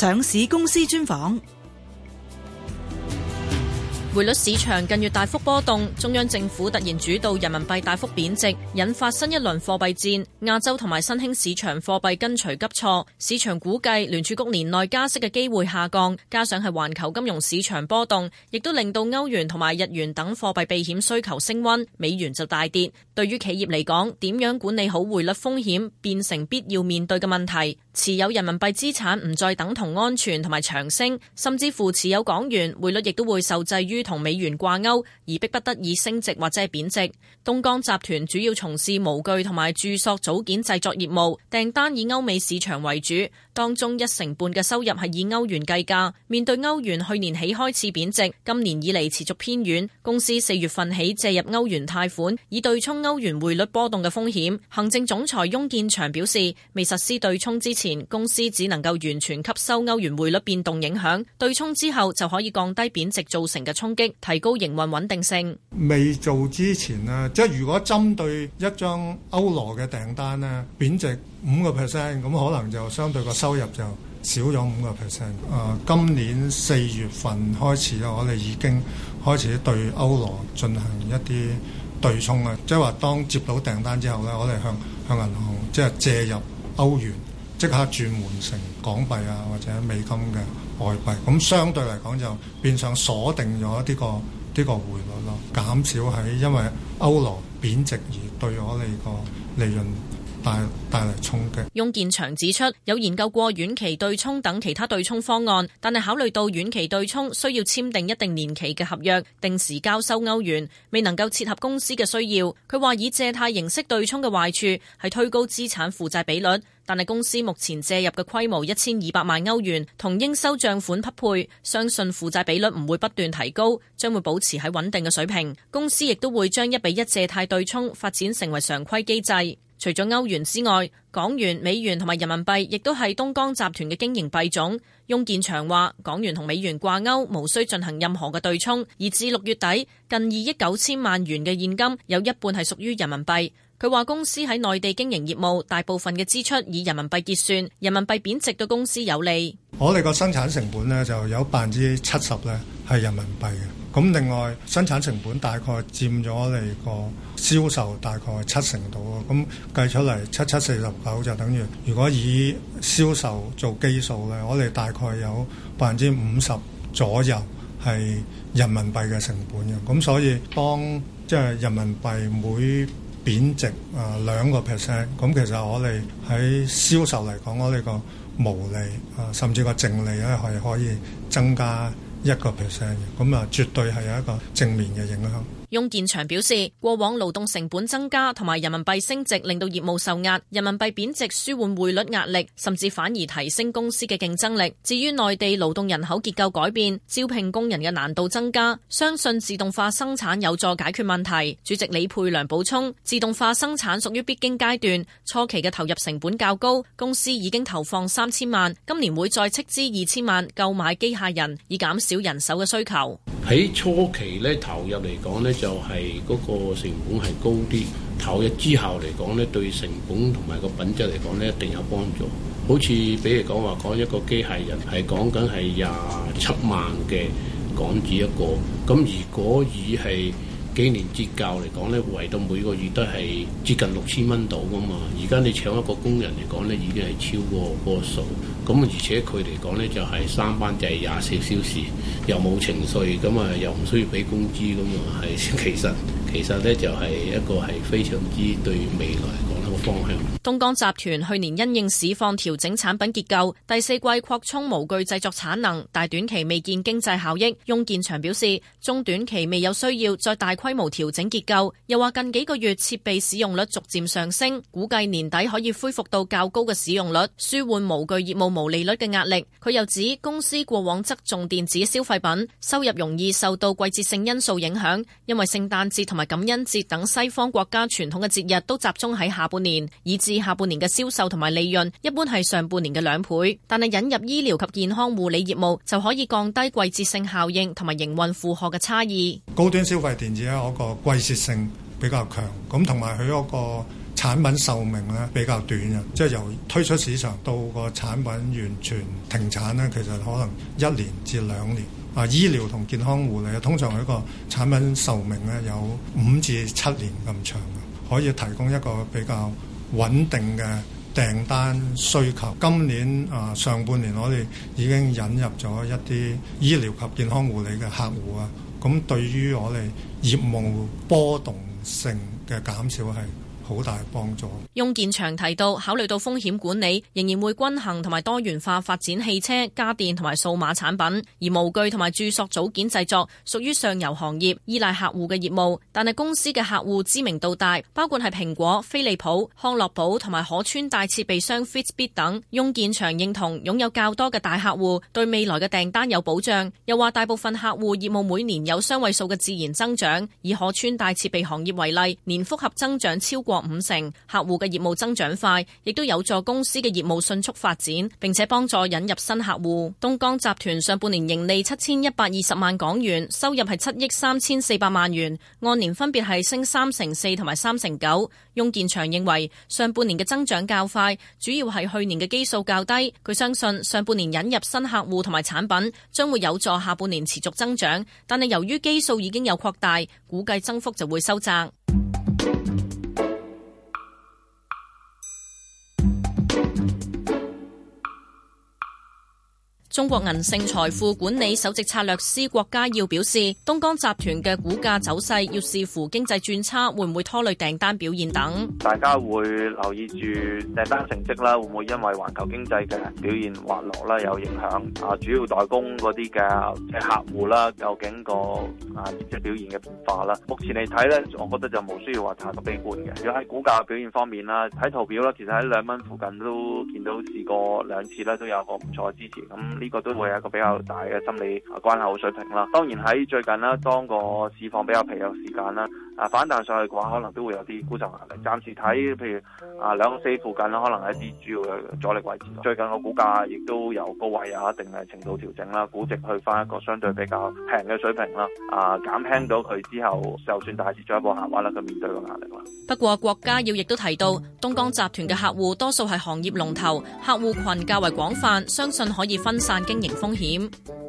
上市公司專訪。匯率市場近月大幅波動，中央政府突然主導人民幣大幅貶值，引發新一輪貨幣戰。亞洲同埋新興市場貨幣跟隨急挫，市場估計聯儲局年內加息嘅機會下降，加上係環球金融市場波動，亦都令到歐元同埋日元等貨幣避險需求升溫，美元就大跌。對於企業嚟講，點樣管理好匯率風險變成必要面對嘅問題。持有人民幣資產唔再等同安全同埋長升，甚至乎持有港元匯率亦都會受制於同美元掛鈎，而迫不得已升值或者係貶值。東江集團主要從事模具同埋注塑組件製作業務，訂單以歐美市場為主，當中一成半嘅收入係以歐元計價。面對歐元去年起開始貶值，今年以嚟持續偏軟，公司四月份起借入歐元貸款，以對沖歐元匯率波動嘅風險。行政總裁翁建祥表示，未實施對沖之前。公司只能夠完全吸收歐元匯率變動影響，對沖之後就可以降低貶值造成嘅衝擊，提高營運穩定性。未做之前呢，即係如果針對一張歐羅嘅訂單呢貶值五個 percent，咁可能就相對個收入就少咗五個 percent。誒、啊，今年四月份開始啊，我哋已經開始對歐羅進行一啲對沖啊，即係話當接到訂單之後咧，我哋向向銀行即係借入歐元。即刻轉換成港幣啊，或者美金嘅外幣，咁相對嚟講就變相鎖定咗呢個呢個匯率咯，減少喺因為歐羅貶值而對我哋個利潤帶帶嚟衝擊。翁建祥指出，有研究過遠期對沖等其他對沖方案，但係考慮到遠期對沖需要簽訂一定年期嘅合約，定時交收歐元，未能夠切合公司嘅需要。佢話以借貸形式對沖嘅壞處係推高資產負債比率，但係公司目前借入嘅規模一千二百萬歐元同應收賬款匹配，相信負債比率唔會不斷提高，將會保持喺穩定嘅水平。公司亦都會將一比一借貸對沖發展成為常規機制。除咗歐元之外，港元、美元同埋人民幣亦都係東江集團嘅經營幣種。翁建祥話：港元同美元掛鈎，無需進行任何嘅對沖。以至六月底，近二億九千萬元嘅現金有一半係屬於人民幣。佢話公司喺內地經營業務，大部分嘅支出以人民幣結算，人民幣貶值對公司有利。我哋個生產成本呢，就有百分之七十咧係人民幣嘅。咁另外生產成本大概佔咗你個銷售大概七成度啊，咁計出嚟七七四十九就等於，如果以銷售做基數咧，我哋大概有百分之五十左右係人民幣嘅成本嘅，咁所以當即係人民幣每貶值啊兩個 percent，咁其實我哋喺銷售嚟講，我呢個毛利啊甚至個淨利咧係可以增加。一個 percent 嘅，咁啊絕對係有一個正面嘅影響。翁建祥表示，過往勞動成本增加同埋人民幣升值令到業務受壓，人民幣貶值舒緩匯率壓力，甚至反而提升公司嘅競爭力。至於內地勞動人口結構改變，招聘工人嘅難度增加，相信自動化生產有助解決問題。主席李佩良補充，自動化生產屬於必經階段，初期嘅投入成本較高，公司已經投放三千萬，今年會再斥資二千萬購買機械人，以減少人手嘅需求。喺初期咧，投入嚟講咧。就係嗰個成本係高啲，投入之後嚟講呢，對成本同埋個品質嚟講呢，一定有幫助。好似比如講話講一個機械人係講緊係廿七萬嘅港紙一個，咁如果以係幾年折舊嚟講呢，維到每個月都係接近六千蚊到噶嘛。而家你請一個工人嚟講呢，已經係超過嗰個數。咁而且佢嚟講咧，就係三班制廿四小時，又冇情緒，咁啊，又唔需要俾工資，咁啊，係其實其實咧，就係一個係非常之對未來。東江集團去年因應市況調整產品結構，第四季擴充模具製作產能，但短期未見經濟效益。翁建祥表示，中短期未有需要再大規模調整結構，又話近幾個月設備使用率逐漸上升，估計年底可以恢復到較高嘅使用率，舒緩模具業務毛利率嘅壓力。佢又指公司過往側重電子消費品，收入容易受到季節性因素影響，因為聖誕節同埋感恩節等西方國家傳統嘅節日都集中喺下半年。以至下半年嘅銷售同埋利潤，一般係上半年嘅兩倍。但係引入醫療及健康護理業務，就可以降低季節性效應同埋營運負荷嘅差異。高端消費電子咧，嗰個季節性比較強，咁同埋佢嗰個產品壽命呢比較短啊，即係由推出市場到個產品完全停產呢，其實可能一年至兩年。啊，醫療同健康護理通常佢嗰個產品壽命呢有五至七年咁長。可以提供一個比較穩定嘅訂單需求。今年啊，呃，上半年我哋已經引入咗一啲醫療及健康護理嘅客戶啊，咁對於我哋業務波動性嘅減少係好大幫助。翁建祥提到，考慮到風險管理，仍然會均衡同埋多元化發展汽車、家電同埋數碼產品。而模具同埋注塑組件製作屬於上游行業，依賴客戶嘅業務。但係公司嘅客戶知名度大，包括係蘋果、飛利浦、康樂寶同埋可穿戴設備商 Fitbit 等。翁建祥認同擁有較多嘅大客戶，對未來嘅訂單有保障。又話大部分客戶業務每年有雙位數嘅自然增長。以可穿戴設備行業為例，年複合增長超過。五成客戶嘅業務增長快，亦都有助公司嘅業務迅速發展，並且幫助引入新客戶。東江集團上半年盈利七千一百二十萬港元，收入係七億三千四百萬元，按年分別係升三成四同埋三成九。翁建祥認為上半年嘅增長較快，主要係去年嘅基數較低。佢相信上半年引入新客戶同埋產品將會有助下半年持續增長，但係由於基數已經有擴大，估計增幅就會收窄。中國銀盛財富管理首席策略師郭家耀表示，東江集團嘅股價走勢要視乎經濟轉差會唔會拖累訂單表現等。大家會留意住訂單成績啦，會唔會因為環球經濟嘅表現滑落啦有影響？啊，主要代工嗰啲嘅客戶啦，究竟個啊業績表現嘅變化啦？目前嚟睇咧，我覺得就冇需要話太過悲觀嘅。如果喺股價表現方面啦，睇圖表啦，其實喺兩蚊附近都見到試過兩次啦，都有個唔錯嘅支持咁。呢個都會有一個比較大嘅心理關口水平啦。當然喺最近啦，當個市況比較疲弱時間啦。啊，反彈上去嘅話，可能都會有啲沽售壓力。暫時睇，譬如啊，兩四附近咧，可能係一啲主要嘅阻力位置。最近個股價亦都有高位有一定嘅程度調整啦，估值去翻一個相對比較平嘅水平啦。啊，減輕到佢之後，就算大市再一波下滑咧，佢面對嘅壓力啦。不過，郭家耀亦都提到，東江集團嘅客戶多數係行業龍頭，客戶群較為廣泛，相信可以分散經營風險。